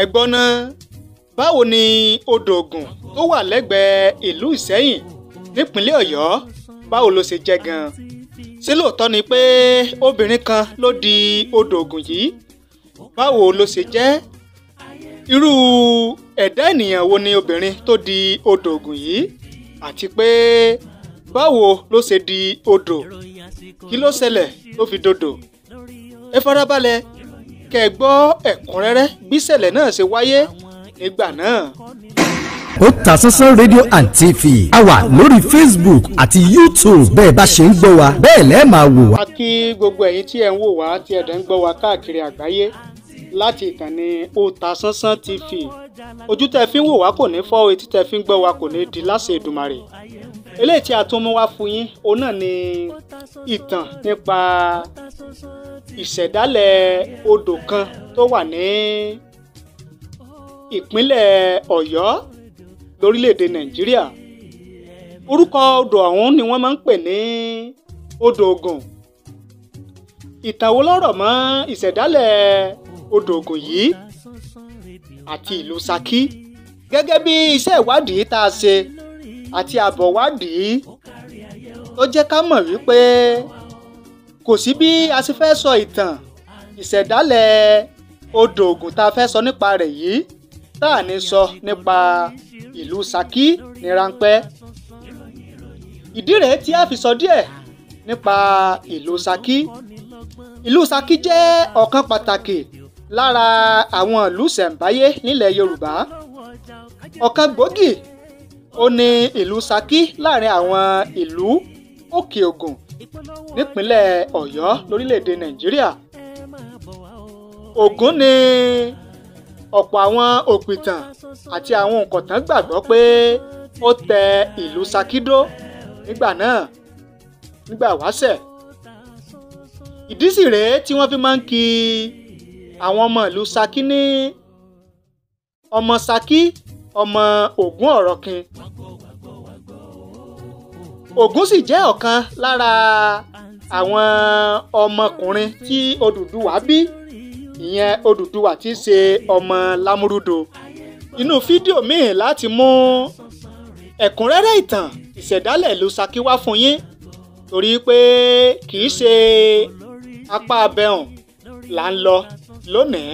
ẹ̀gbọ́n náà báwo ni odò Ògùn tó wà lẹ́gbẹ̀ẹ́ ìlú Ìsẹ́yìn nípínlẹ̀ Ọ̀yọ́ báwo ló ṣe jẹ́ gan-an ṣé lóòótọ́ ni pé obìnrin kan ló di odò Ògùn yìí báwo ló ṣe jẹ́ irú ẹ̀dá ènìyàn wo ni obìnrin tó di odò Ògùn yìí àti pé báwo ló ṣe di odò kí ló ṣẹlẹ̀ ló fi dodò ẹ farabalẹ̀ kẹ́ ẹ gbọ́ ẹ̀kúnrẹ́rẹ́ bíṣẹ̀lẹ̀ náà ṣe wáyé nígbà náà. Otasansan rédíò and TV a wà lórí Facebook àti YouTube bẹ́ẹ̀ bá ṣe ń gbọ́ wa bẹ́ẹ̀ lẹ́ẹ̀ máa wò wá. a kí gbogbo ẹ̀yin tí ẹ̀ ń wò wá tí ẹ̀dẹ̀ ń gbọ́ wa káàkiri àgbáyé láti ìkànnì Otasansan TV ojú tẹ́ fi ń wò wá kò ní fọ́ etí tẹ́ fi ń gbọ́ wa kò ní di láṣẹ Èdùmàrè eléyìí tí a tún mú wá fún yín òun náà ni ìtàn nípa ìṣẹ̀dálẹ̀ odò kan tó wà ní ìpínlẹ̀ Ọ̀yọ́ lórílẹ̀‐èdè Nàìjíríà orúkọ odò ọ̀hún ni wọ́n máa ń pè ní odò Ògùn ìtàn wo ló rọ̀ mọ́ ìṣẹ̀dálẹ̀ odò Ògùn yìí àti ìlú Ṣakí gẹ́gẹ́ bí iṣẹ́ ìwádìí tá a ṣe àti àbọ̀wádìí tó jẹ́ ká mọ̀ wípé kò sí bí a sì fẹ́ sọ ìtàn ìṣẹ̀dálẹ̀ odò Ògùn tá a fẹ́ sọ nípa rẹ̀ yìí tá à ní sọ nípa ìlú Ṣakí ní ráńpẹ́ ìdí rèé tí a fi sọ díẹ̀ nípa ìlú Ṣakí ìlú Ṣakí jẹ́ ọ̀kan pàtàkì lára àwọn ìlú ṣẹ̀ǹbáyé nílẹ̀ Yorùbá ọ̀kan gbòógì ó ní ìlú Ṣakí láàrin àwọn ìlú òkè Ogun. nípínlẹ̀ ọ̀yọ́ lórílẹ̀‐èdè nàìjíríà ògún ni ọ̀pọ̀ àwọn òpìtàn àti àwọn òǹkọ̀tàn gbàgbọ́ pé ó tẹ ìlú sakídó nígbà náà nígbà wáṣẹ̀ ìdí sì rèé tí wọ́n fi máa ń kí àwọn ọmọ ìlú Ṣakí ní ọmọ Ṣakí ọmọ Ògún Ọ̀rọ̀kin Ògún sì jẹ́ ọ̀kan lára àwọn ọmọkùnrin tí Odùduwà bí ìyẹn Odùduwà tí í ṣe ọmọ Lámúrúdò inú fídíò míì láti mú ẹ̀kúnrẹ́rẹ́ ìtàn ìṣẹ̀dálẹ̀ ìlú Ṣakí wá fún yín torí pé kì í ṣe apá abẹ́hùn là ń lọ lónìí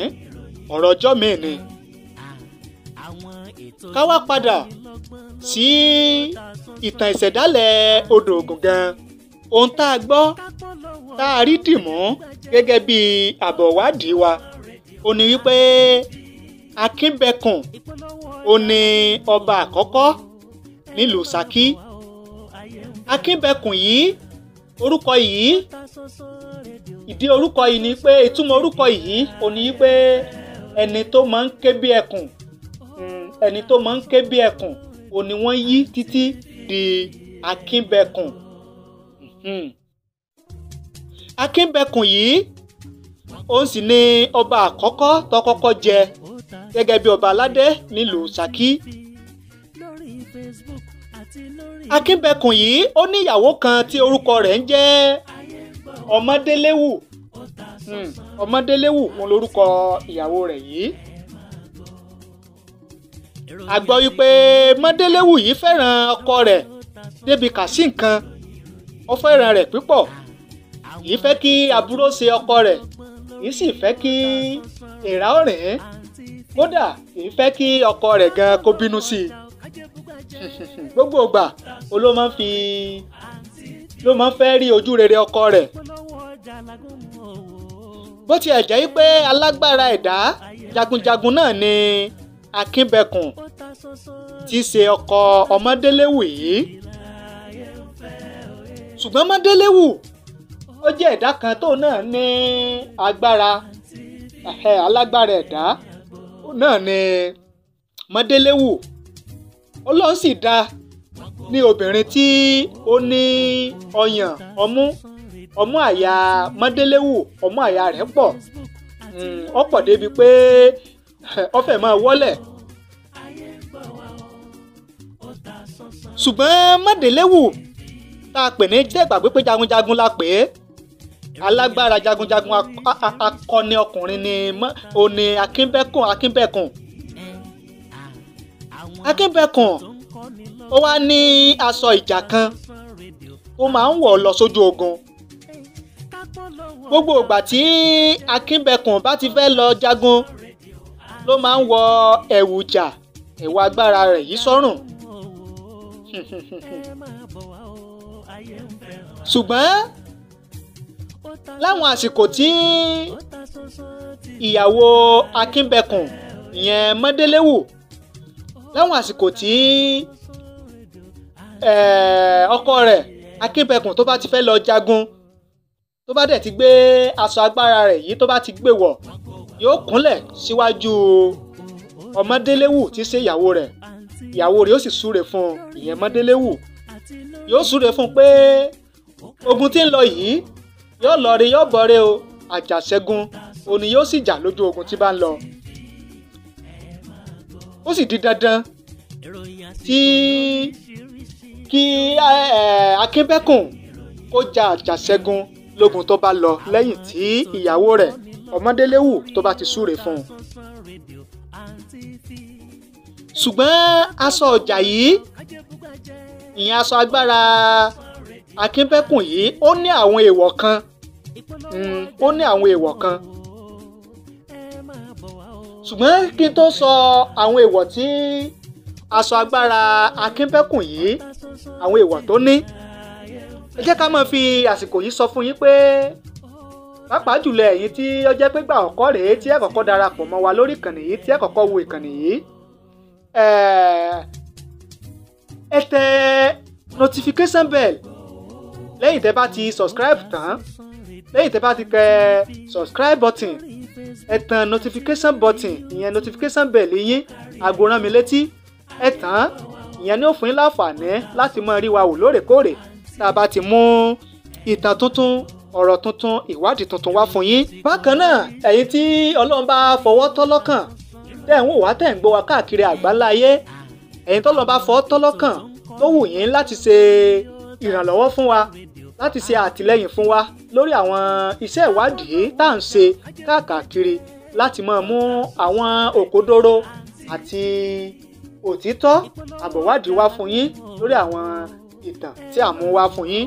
ọ̀rọ̀ ọjọ́ míì ni ká wá padà sí ìtàn ìṣẹ̀dálẹ̀ odò Ògùn gan ohun tá a gbọ́ tá a rí dìmú gẹ́gẹ́ bí àbọ̀ wádìí wa ó ní wípé Akínbẹ̀kùn ó ní ọba àkọ́kọ́ nílùú Ṣakí Akínbẹ̀kùn yìí orúkọ yìí ìdí orúkọ yìí ni pé ìtumọ̀ orúkọ yìí ó ní wípé ẹni tó máa ń ké bí ẹkùn ẹni tó máa ń ké bí ẹkùn ó ní wọ́n yí títí di akínbẹ̀kùn hmm. akínbẹ̀kùn yìí òun sì ni ọba àkọ́kọ́ tó kọ́kọ́ jẹ gẹ́gẹ́ bí ọba aládé nílùú Ṣakí akínbẹ̀kùn yìí ó ní ìyàwó kan tí orúkọ rẹ̀ ń jẹ́ ọmọdéléwù hmm. ọmọdéléwù òun lorúkọ ìyàwó rẹ̀ yìí a gbọ́ wípé mọ́déléwù yìí fẹ́ràn ọkọ rẹ̀ débi kà sí nǹkan ó fẹ́ràn rẹ̀ pípọ̀ yìí fẹ́ kí àbúrò ṣe ọkọ rẹ̀ yìí sì fẹ́ kí ìrà ọ̀rìn kódà yìí fẹ́ kí ọkọ rẹ̀ gan kó bínú sí i gbogbo ìgbà ló máa ń fi ló máa ń fẹ́ rí ojú rere ọkọ rẹ̀ bó tiẹ̀ jẹ́ pé alágbára ẹ̀dá jagunjagun náà ni akínbẹ̀kùn tí í ṣe ọkọ ọmọdéléwù yìí ṣùgbọ́n ọmọdéléwù ó jẹ́ ẹ̀dá kan tó náà ní agbára alágbára ẹ̀dá náà ní ọmọdéléwù ọlọ́run sì dá ní obìnrin tí ó ní ọyàn ọmú ọmú àyà mọ́déléwù ọmú àyà rẹ̀ pọ̀ ọ̀pọ̀ hmm, débi pé ọfẹ́ máa wọ́lẹ̀. ṣùgbọ́n mọ̀dẹ́lẹ́wù tá a pè ní jẹ́gbàgbé pé jagunjagun la pè é alágbára jagunjagun akọni ọkùnrin ni òní akínbẹ́kùn akínbẹ́kùn akínbẹ́kùn ó wá ní aṣọ ìjà kan ó máa ń wọ̀ lọ sójú ogun gbogbo ìgbà tí akínbẹ́kùn bá ti fẹ́ lọ jagun ló máa ń wọ ẹ̀wù jà ẹ̀wù agbára rẹ̀ yìí sọ́rùn. ṣùgbọ́n láwọn àsìkò tí ìyàwó akínbẹ̀kùn ìyẹn mọ́délẹ́wù láwọn àsìkò tí ọkọ rẹ̀ akínbẹ̀kùn tó bá ti fẹ́ lọ jagun tó bá dẹ̀ ti gbé aṣọ agbára rẹ̀ yìí tó bá ti gbé wọ̀ yóò kúnlẹ̀ síwájú ọmọdéléwù tí ṣe ìyàwó rẹ̀ ìyàwó rẹ̀ yóò sì súre fún ìyẹn ọmọdéléwù yóò súre fún pé ogun tí ń lọ yìí yóò lọ rí yóò bọ̀ rí o àjàṣẹ́gun òní yóò sì jà lójú ogun tí bá ń lọ ó sì di dandan tí kí akínbẹ́kùn kó jà àjàṣẹ́gun lógun tó bá lọ lẹ́yìn tí ìyàwó rẹ̀ ọmọdéléwù tó bá ti súre fún un. ṣùgbọ́n aṣọ ọjà yìí ìyẹn aṣọ agbára akínbẹ́kùn yìí ó ní àwọn èèwọ̀ kan hmm, ó ní àwọn èèwọ̀ kan ṣùgbọ́n kí n tó sọ àwọn èèwọ̀ tí aṣọ agbára akínbẹ́kùn yìí àwọn èèwọ̀ tó ní ẹ jẹ́ ká máa fi àsìkò yìí sọ fún yín pé pàápàá jùlọ ẹ̀yin tí ó jẹ́ pé gbà ọ̀kọ́ rèé tí ẹ̀ kọ́kọ́ darapọ̀ mọ́ wa lórí ìkànnì yìí tí ẹ̀ kọ́kọ́ wo ìkànnì yìí eh, ẹ tẹ notification bell lẹ́yìn tẹ́ bá ti subscribe tán lẹ́yìn tẹ́ bá ti tẹ subscribe button ẹ tàn notification button ìyẹn notification bell yín àgòrán mi létí ẹ tàn ìyẹn ní òfin láǹfààní láti máa rí wa wò lóòrèkóòrè tá a bá ti mú ìtàn tuntun ọ̀rọ̀ tuntun ìwádìí tuntun wá fún yín. bákan náà ẹ̀yin tí ọlọ́run bá fọwọ́ tọ́ lọ́kàn tẹ̀ ń wò wá tẹ̀ ń gbọ́ wá káàkiri àgbáláyé ẹ̀yin tọ́lọ́run bá fọwọ́ tọ́ lọ́kàn tó wù yín láti ṣe ìrànlọ́wọ́ fún wa láti ṣe àtìlẹ́yìn fún wa lórí àwọn iṣẹ́ ìwádìí tá à ń ṣe káàkiri láti máa mú àwọn òkodoro àti òtítọ́ àbọ̀wádìí wá fún yín lórí àwọn ìtàn tí à ń mú wá fún yín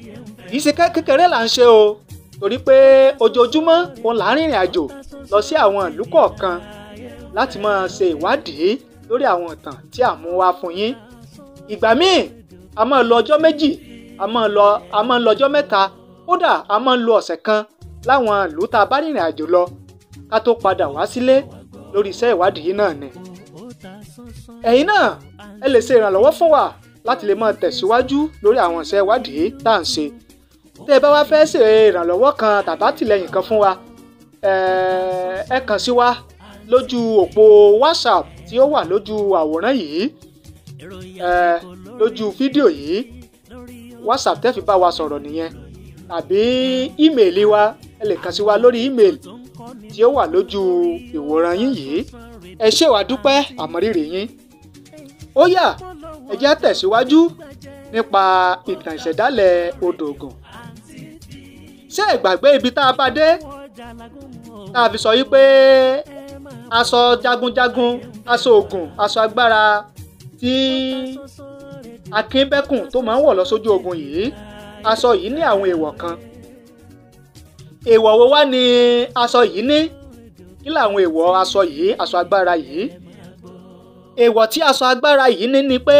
kì í ṣe kékeré là ń ṣe o torí pé ojoojúmọ́ òun là ń rìnrìn àjò lọ sí àwọn ìlú kọ̀ọ̀kan láti máa ṣe ìwádìí lórí àwọn ìtàn tí à mú wá fún yín ìgbà míì a máa lọ ọjọ́ méjì a máa lọ ọjọ́ mẹ́ta kódà a máa lo ọ̀sẹ̀ kan láwọn ìlú tá a bá rìnrìn àjò lọ ká tó padà wá sílé lórí iṣẹ́ ìwádìí náà ni ẹ̀yin náà ẹ lè ṣe ìrànlọ́wọ́ fún wa láti lè máa tẹ̀síwájú lórí àwọn iṣẹ́ ìwádìí tá à ń ṣe tẹ́ ẹ bá wá fẹ́ ṣe ìrànlọ́wọ́ kan tàbá tìlẹ́yìn kan fún wa ẹ kàn sí wa lójú òpó WhatsApp tí ó wà lójú àwòrán yìí lójú fídíò yìí WhatsApp tẹ́ fi bá wa sọ̀rọ̀ nìyẹn tàbí ímeèlì wa ẹ lè kàn sí wa lórí ímeèlì tí ó wà lójú ìwòran yín yìí ẹ ṣé wàá yín ó yá ẹ jẹ́ tẹ̀síwájú nípa ìtàn ìṣẹ̀dálẹ̀ odò Ògùn ṣé ẹ gbàgbé ibi tá a bá dé tá a fi sọ yí pé aṣọ jagunjagun aṣọ Ògùn aṣọ agbára tí Akínbẹ́kùn tó máa ń wọ̀ lọ sójú ogun yìí aṣọ yìí ní àwọn èèwọ̀ kan èèwọ̀ wo wá ni aṣọ yìí ní kí làwọn èèwọ̀ aṣọ yìí aṣọ agbára yìí èèwọ̀ tí aṣọ agbára yìí ní ni pé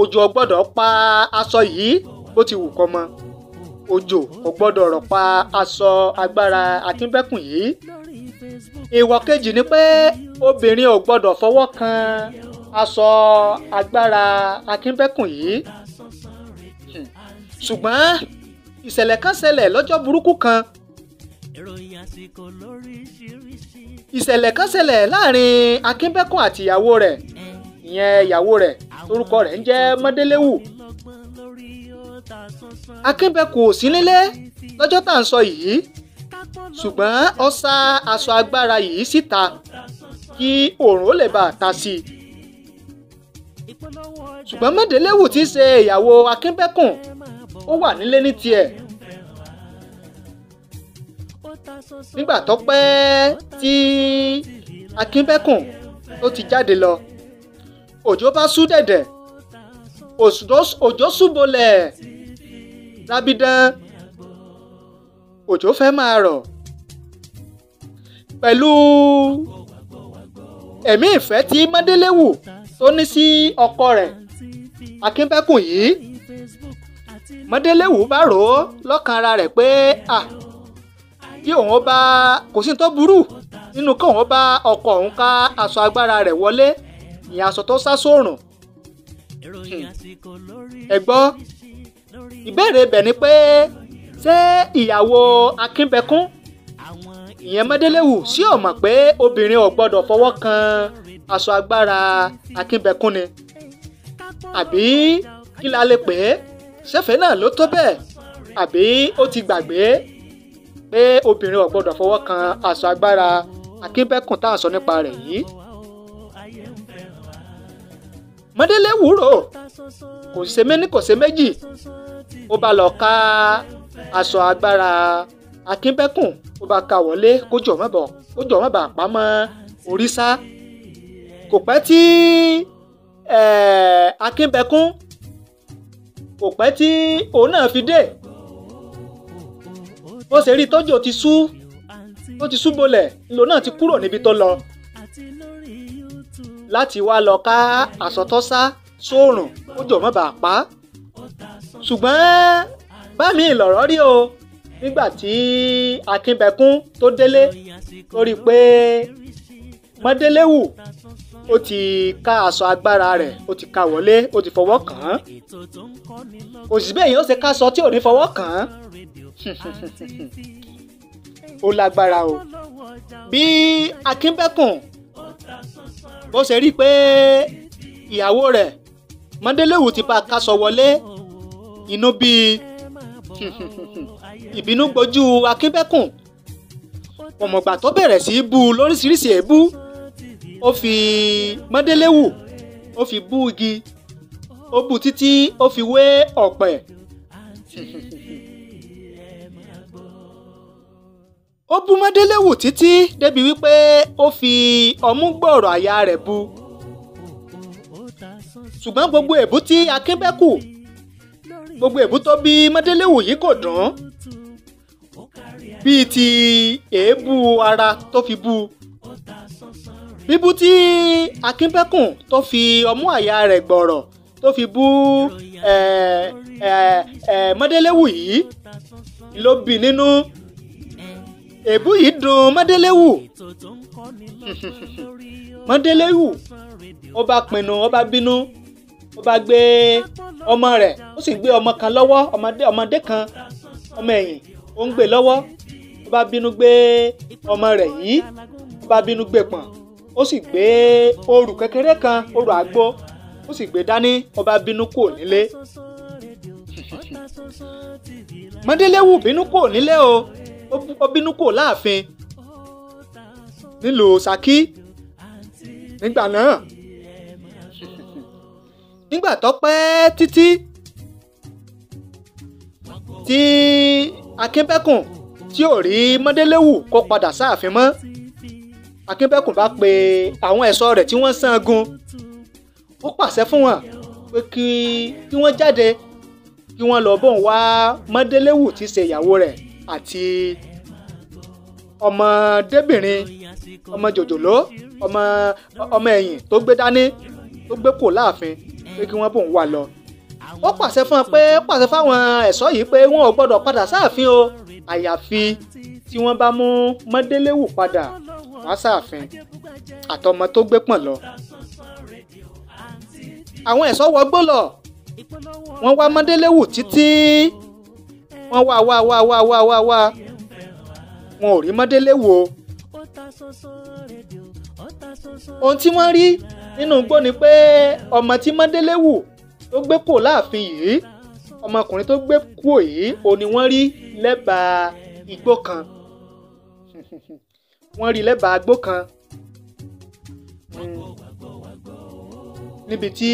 òjò ò pa aṣọ yìí bó ti wù kọ́ mọ́ òjò ò gbọ́dọ̀ pa aṣọ agbára akínbẹ́kùn yìí èèwọ̀ kejì ni pé obìnrin ò gbọ́dọ̀ fọwọ́ kan aṣọ agbára akínbẹ́kùn yìí ṣùgbọ́n ìṣẹ̀lẹ̀ kan ṣẹlẹ̀ lọ́jọ́ burúkú kan ìròyìn àsìkò lóríṣiríṣi. ìṣẹ̀lẹ̀ kan ṣẹlẹ̀ láàrin akínbẹ́kùn àti ìyàwó rẹ̀ ìyẹn ìyàwó rẹ̀ orúkọ rẹ̀ ń jẹ́ mọ́déléwù. akínbẹ́kùn ò sí nílé lọ́jọ́ tá à ń sọ yìí ṣùgbọ́n ó sá aṣọ agbára yìí síta kí oòrùn ó lè bá ta sí i. ṣùgbọ́n mọ́déléwù ti ṣe ìyàwó akínbẹ́kùn ó wà nílé ní tiẹ̀ nígbà tó pẹ́ tí akínbẹ́kùn tó ti jáde lọ òjò bá sú dẹ̀dẹ̀ òjò súbolẹ̀ lábídán òjò fẹ́ máa rọ̀ pẹ̀lú ẹ̀mí ìfẹ́ tí mọ́déléwù tó ní sí ọkọ rẹ̀ akínbẹ́kùn yìí mọ́déléwù bá rò ó lọ́kàn rẹ̀ pé Ah, tí òun bá kò sí tó burú nínú kí òun bá ọkọ òun ká aṣọ agbára rẹ̀ wọlé ìyẹn aṣọ tó sá sóòrùn. Hmm. ẹ gbọ́ ìbéèrè bẹ̀ ni pé ṣé ìyàwó akínbẹ̀kún ìyẹn mọ́délẹ́wù sí ò mọ̀ pé obìnrin ò gbọ́dọ̀ fọwọ́ kan aṣọ agbára akínbẹ̀kún ni àbí kí la lè pè é ṣẹ́fẹ̀ẹ́ náà ló tó bẹ́ẹ̀ àbí ó ti gbàgbé pé obìnrin ò gbọ́dọ̀ fọwọ́ kan aṣọ agbára akínbẹ́kùn tá à ń sọ nípa rẹ̀ yìí. mọ́délé wúrò kò ṣe méní kò ṣe méjì ó bá lọ ká aṣọ agbára akínbẹ́kùn ó bá ka wọlé kó jọ̀ mọ́bọ̀ kó jọ̀ mọ́bà pamọ́ òrìṣà kò pẹ́ tí akínbẹ́kùn kò pẹ́ tí òun náà fi dé bó ṣe rí tójò ti sú ó ti sú bolẹ̀ ńlò náà ti kúrò níbi tó lọ láti wá lọ ká àsọtọ́sá sóòrùn kójò má bàa pa ṣùgbọ́n bá mi lọ̀rọ̀ rí o nígbà tí Akínbẹ̀kún tó délé lórí pé Mọ́déléwù ó ti ká aṣọ agbára rẹ̀ ó ti ká wọlé ó ti fọwọ́ kàn án kò bẹ́ẹ̀ yẹn ṣe ká aṣọ tí ò ní fọwọ́ kàn án ó lágbára o bí akínbẹ́kùn bó ṣe rí i pé ìyàwó rẹ̀ mọ́ndélẹ́wù ti bá a kásọ wọlé inú bíi ìbínú gbojú akínbẹ́kùn ọmọgbà tó bẹ̀rẹ̀ sí í bú u lóríṣiríṣi èébú ó fi mọ́ndélẹ́wù ó fi bú igi ó bú títí ó fi wé ọ̀pẹ. ó bú mọ́délé wò títí débi wípé ó fi ọmú gbọ̀rọ̀ àyà rẹ̀ bu ṣùgbọ́n gbogbo èbú tí akínbẹ́kù gbogbo èbú tó bí mọ́délé wò yìí kò dùn bíi ti èébú ara tó fi bu bíbú tí akínbẹ́kùn tó fi ọmú àyà rẹ̀ gbọ̀rọ̀ tó fi bú mọ́délé wò yìí ló bí nínú. No èébú yìí dùn mọ́délé wù mọ́délé wù ó bá pinnu ó bá bínú ó bá gbé ọmọ rẹ̀ ó sì gbé ọmọ kan lọ́wọ́ ọmọdé kan ọmọ ẹ̀yìn ó ń gbé lọ́wọ́ ó bá bínú gbé ọmọ rẹ̀ yìí ó bá bínú gbé pọ̀n ó sì gbé òrù kékeré kan òrù àgbo ó sì gbé dání ó bá bínú kò nílé mọ́délé wù bínú kò nílé o ó bínú kò láàfin nílùú Ṣakí nígbà náà nígbà tó pẹ́ títí tí Akínbẹ́kùn tí ò rí Mọ́déléwù kó padà sáàfin mọ́ Akínbẹ́kùn bá pe àwọn ẹ̀ṣọ́ rẹ̀ tí wọ́n sangun ó pàṣẹ fún wọn pé kí wọ́n jáde kí wọ́n lọ bóun wá Mọ́déléwù tí ṣe ìyàwó rẹ̀ àti ọmọdébìnrin ọmọ jòjòló ọmọ ọmọ ẹ̀yìn tó gbé dání tó gbé kò láàfin pé kí wọ́n bòun wà lọ. ó pàṣẹ fún ọ pé ó pàṣẹ fáwọn ẹ̀ṣọ́ yìí pé wọn ò gbọ́dọ̀ padà sáàfin o àyàfi tí wọ́n bá mú mọ́déléwù padà wá sáàfin àtọmọ tó gbé pọ̀n lọ. àwọn ẹ̀ṣọ́ wọgbó lọ wọ́n wá mọ́déléwù títí wọ́n wá wá wá wá wá wá wá wọn ò rí mọ́délé wò ó. ohun tí wọ́n rí nínú igbó ni pé ọmọ tí mọ́délé wù tó gbé kò láàfin yìí ọmọkùnrin tó gbé kúò yìí ò ní wọ́n rí lẹ́bàá igbó kan wọ́n rí lẹ́bàá igbó kan hmm. níbi tí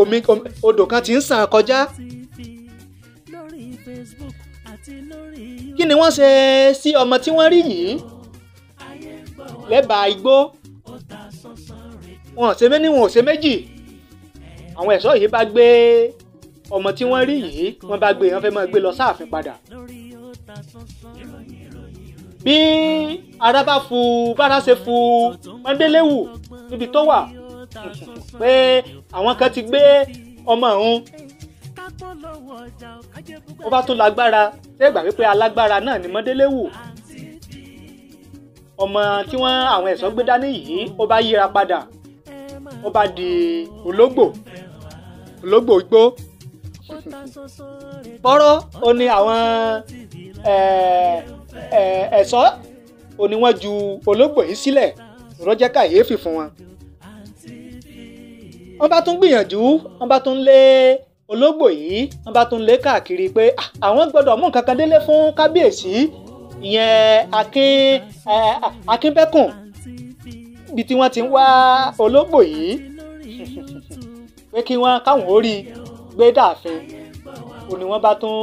omi odò kan ti ń sàn kọjá. kí ni wọ́n ṣe sí ọmọ tí wọ́n rí yìí lẹ́bàá igbó wọn ò ṣe méní wọn ò ṣe méjì àwọn ẹ̀ṣọ́ yìí bá gbé ọmọ tí wọ́n rí yìí wọ́n bá gbé wọ́n fẹ́ máa gbé lọ sáàfin padà bí ara bá fu bára ṣe fu mọ́ndéléwù níbi tó wà pé àwọn kan ti gbé ọmọ ọ̀hún ó bá tún lágbára ṣé ìgbà wípé alágbára náà ni mọ́délé wù ọmọ tí wọ́n àwọn ẹ̀ṣọ́ gbé dání yìí ó bá yíra padà ó bá di ológbò ológbò igbó pọ́rọ́ ó ní àwọn ẹ̀ṣọ́ ó ní wọ́n ju ológbò yìí sílẹ̀ rọ́jẹ́ kàyéfì fún wọn. wọ́n bá tún gbìyànjú wọ́n bá tún lé ológbò yìí wọ́n bá tún lé káàkiri pé àwọn gbọ́dọ̀ mú nǹkan kan délé fún kábíyèsí ìyẹn akin akínbẹ́kùn ibi tí wọ́n ti ń wá ológbò yìí pé kí wọ́n káwọn ó rí i gbé dààfin ò ní wọ́n bá tún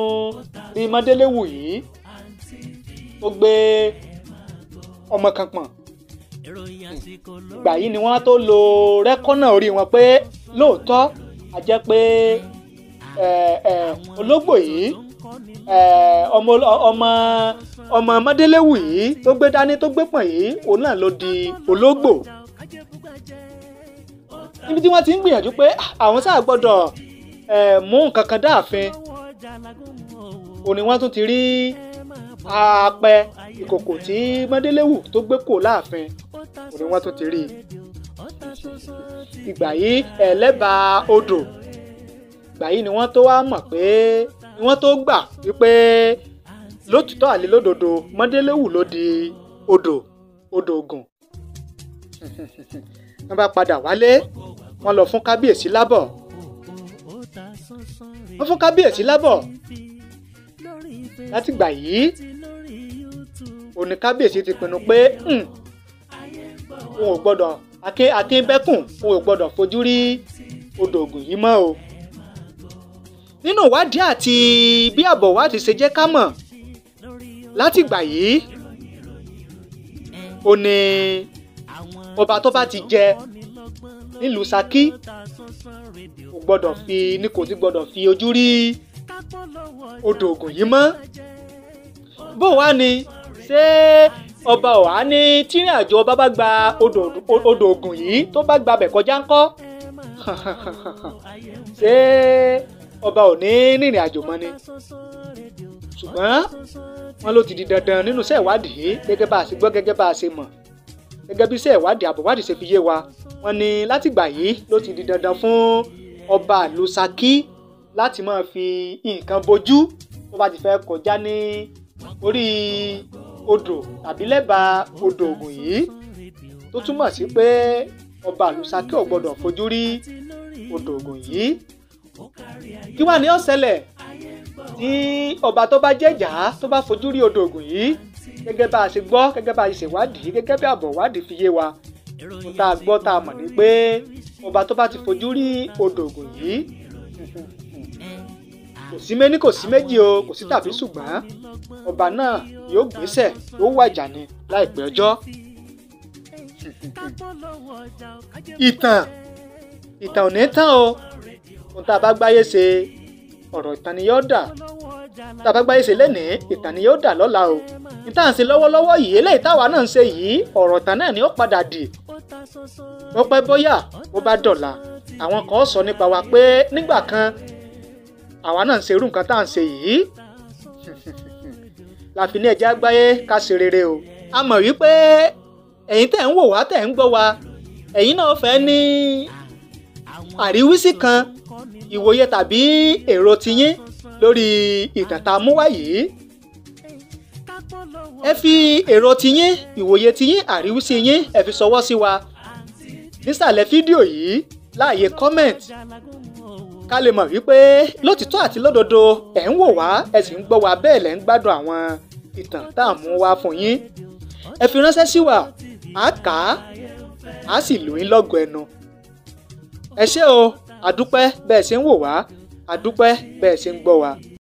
rí mọ́déléwù yìí ó gbé ọmọ kan pọ̀n ìgbà yìí ni wọ́n tó lo rẹ́kọ́nà orí wọn pé lóòótọ́ a jẹ́ pé ológbò yìí ọmọ ọmọ ọmọ mọdéléwù yìí tó gbé dání tó gbé pọ̀n yìí òun náà ló di ológbò níbi tí wọ́n ti ń gbìyànjú pé ah, àwọn sáà gbọ́dọ̀ mú nǹkan kan dáàfin òní wọ́n tún ti rí apẹ ìkòkò tí mọdéléwù tó gbé kò láàfin òní wọ́n tún ti rí ìgbà yìí ẹlẹ́bàá odò ìgbà yìí ni wọ́n tó wá mọ̀ pé wọ́n tó gbà wípé lótìtọ́ àlè lódodo mọ́déléwù ló di odò odò Ògùn wọ́n bá padà wálé wọ́n lọ fún kábíyèsí lábọ̀ wọ́n fún kábíyèsí lábọ̀ láti gbà yìí òní kábíyèsí ti pinnu pé òun hmm, ò gbọ́dọ̀ akínbẹ́kùn òun ò gbọ́dọ̀ fojú rí odò Ògùn yìí mọ́ o nínú ìwádìí àti bí àbọ̀ ìwádìí ṣe jẹ́ ká mọ̀ látìgbà yìí ó ní ọba tó bá ti jẹ nílùú Ṣakí kò gbọdọ̀ fi ni kò ti gbọdọ̀ fi ojú rí odò Ògùn yìí mọ́ bó wá ni ṣé ọba ọ̀há ní tírìn àjò ọba bá gba odò Ògùn yìí tó bá gbabẹ̀ kọjá ńkọ́ ṣé ọba ò ní rìnrìn àjò mọ́ ni ṣùgbọ́n wọn ló ti di dandan nínú iṣẹ́ ìwádìí gẹ́gẹ́ bá a ṣe gbọ́ gẹ́gẹ́ bá a ṣe mọ̀ gẹ́gẹ́ bí iṣẹ́ ìwádìí àbọ̀wádìí ṣe fi yé wa wọn ni látìgbà yìí ló ti di dandan fún ọba ìlú Ṣakí láti máa fi nǹkan bojú tó bá ti fẹ́ kọjá ní orí odò tàbí lẹ́bàá odò Ògùn yìí tó túmọ̀ sí pé ọba ìlú Ṣakí ò gbọdọ̀ fojú rí odò Ògùn yìí kí wàá ní ó ṣẹlẹ̀ tí ọba tó bá jẹ̀jà tó bá fojú rí odò Ògùn yìí gẹ́gẹ́ bá a ṣe gbọ́ gẹ́gẹ́ bá a ṣe wádìí gẹ́gẹ́ bí àbọ̀ wádìí fi yé wa ohun tá a gbọ́ tá a mọ̀ ni pé ọba tó bá ti fojú rí odò Ògùn yìí kò sí méní kò sí méjì o kò sí tàbí ṣùgbọ́n ọba náà yóò gbéṣẹ̀ yóò wàjà ni láìpẹ́ ọjọ́. ìtàn ìtàn ò ní tán o ohun tá a bá gbáyé ṣe ọ̀rọ̀ ìtàn ni yóò dà tá a bá gbáyé ṣe lẹ́nìí ìtàn ni yóò dà lọ́la o ìta à ń ṣe lọ́wọ́lọ́wọ́ yìí eléyìí táwa náà ń ṣe yìí ọ̀rọ̀ ìtàn náà ni ó padà dì ó pẹ́ bóyá ó bá dọ̀la àwọn kan sọ nípa wa pé nígbà kan àwa náà ń ṣe irú nǹkan tá à ń ṣe yìí láfi ní ẹ̀jẹ̀ àgbáyé ká ṣe rere o a mọ̀ wípé ẹ̀yin tẹ̀ ń wò wá tẹ̀ ń gbọ́ wa ẹ̀yin náà fẹ́ ní àríwísí kan ìwòye tàbí èrò tiyín lórí ìtàn tá a mú wá yìí ẹ fi èrò tiyín ìwòye tiyín àríwísí yín ẹ fi ṣọwọ́ sí wa nísàlẹ̀ fídíò yìí láàyè comment ká lè mọ̀ wípé lótìtọ́ àti lódodo ẹ̀ ń wò wá ẹ sì ń gbọ́ wa bẹ́ẹ̀ lẹ́ ń gbádùn àwọn ìtàn tá a mú wá fún yín ẹ fi ránṣẹ́ sí wa àá kà á àá sì lù yín lọ́gọ̀ọ́ ẹnu ẹ ṣé o àdúpẹ́ bẹ́ẹ̀ ṣe ń wò wá àdúpẹ́ bẹ́ẹ̀ ṣe ń gbọ́ wa.